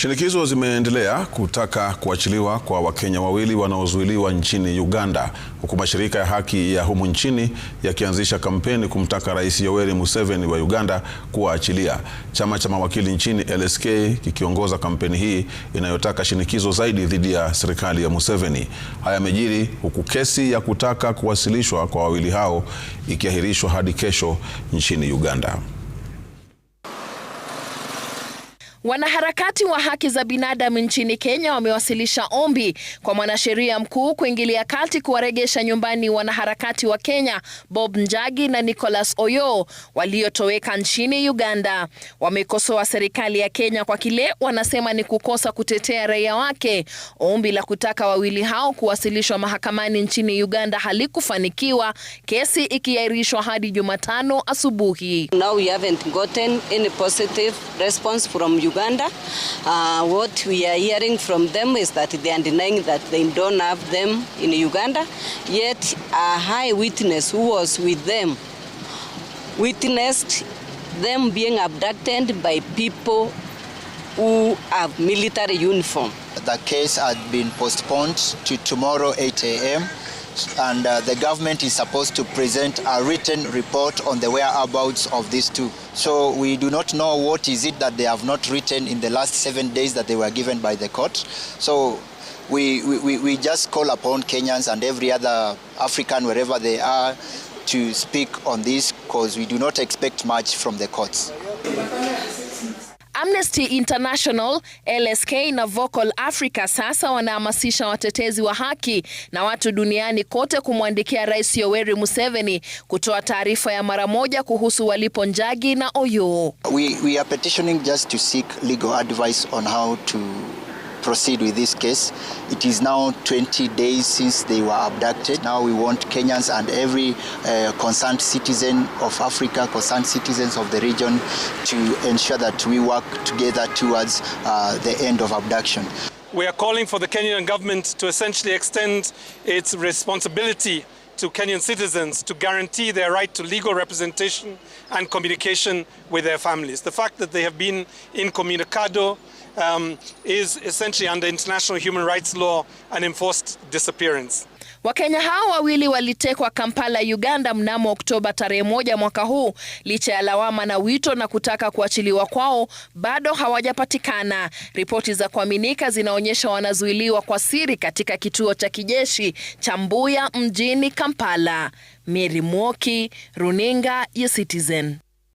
Shinikizo zimeendelea kutaka kuachiliwa kwa Wakenya wawili wanaozuiliwa nchini Uganda, huku mashirika ya haki ya humu nchini yakianzisha kampeni kumtaka Rais Yoweri Museveni wa Uganda kuwaachilia. Chama cha mawakili nchini LSK kikiongoza kampeni hii inayotaka shinikizo zaidi dhidi ya serikali ya Museveni. Haya yamejiri huku kesi ya kutaka kuwasilishwa kwa wawili hao ikiahirishwa hadi kesho nchini Uganda. Wanaharakati wa haki za binadamu nchini Kenya wamewasilisha ombi kwa mwanasheria mkuu kuingilia kati kuwaregesha nyumbani wanaharakati wa Kenya Bob Njagi na Nicholas Oyo waliotoweka nchini Uganda. Wamekosoa serikali ya Kenya kwa kile wanasema ni kukosa kutetea raia wake. Ombi la kutaka wawili hao kuwasilishwa mahakamani nchini Uganda halikufanikiwa, kesi ikiahirishwa hadi Jumatano asubuhi. Now we haven't gotten any positive response from you. Uganda. Uh, what we are hearing from them is that they are denying that they don't have them in Uganda. Yet a high witness who was with them witnessed them being abducted by people who have military uniform. The case had been postponed to tomorrow 8 a.m and uh, the government is supposed to present a written report on the whereabouts of these two. So we do not know what is it that they have not written in the last seven days that they were given by the court. So we, we, we just call upon Kenyans and every other African, wherever they are, to speak on this because we do not expect much from the courts. Amnesty International, LSK na Vocal Africa sasa wanahamasisha watetezi wa haki na watu duniani kote kumwandikia Rais Yoweri Museveni kutoa taarifa ya mara moja kuhusu walipo Njagi na Oyoo. We, we are petitioning just to seek legal advice on how to proceed with this case. It is now 20 days since they were abducted. Now we want Kenyans and every uh, concerned citizen of Africa, concerned citizens of the region to ensure that we work together towards uh, the end of abduction. We are calling for the Kenyan government to essentially extend its responsibility to Kenyan citizens to guarantee their right to legal representation and communication with their families. The fact that they have been incommunicado um, is essentially under international human rights law an enforced disappearance. Wakenya hao wawili walitekwa Kampala, Uganda mnamo Oktoba tarehe moja mwaka huu. Licha ya lawama na wito na kutaka kuachiliwa kwao, bado hawajapatikana. Ripoti za kuaminika zinaonyesha wanazuiliwa kwa siri katika kituo cha kijeshi cha Mbuya mjini Kampala. Mary Mwoki, Runinga ya Citizen.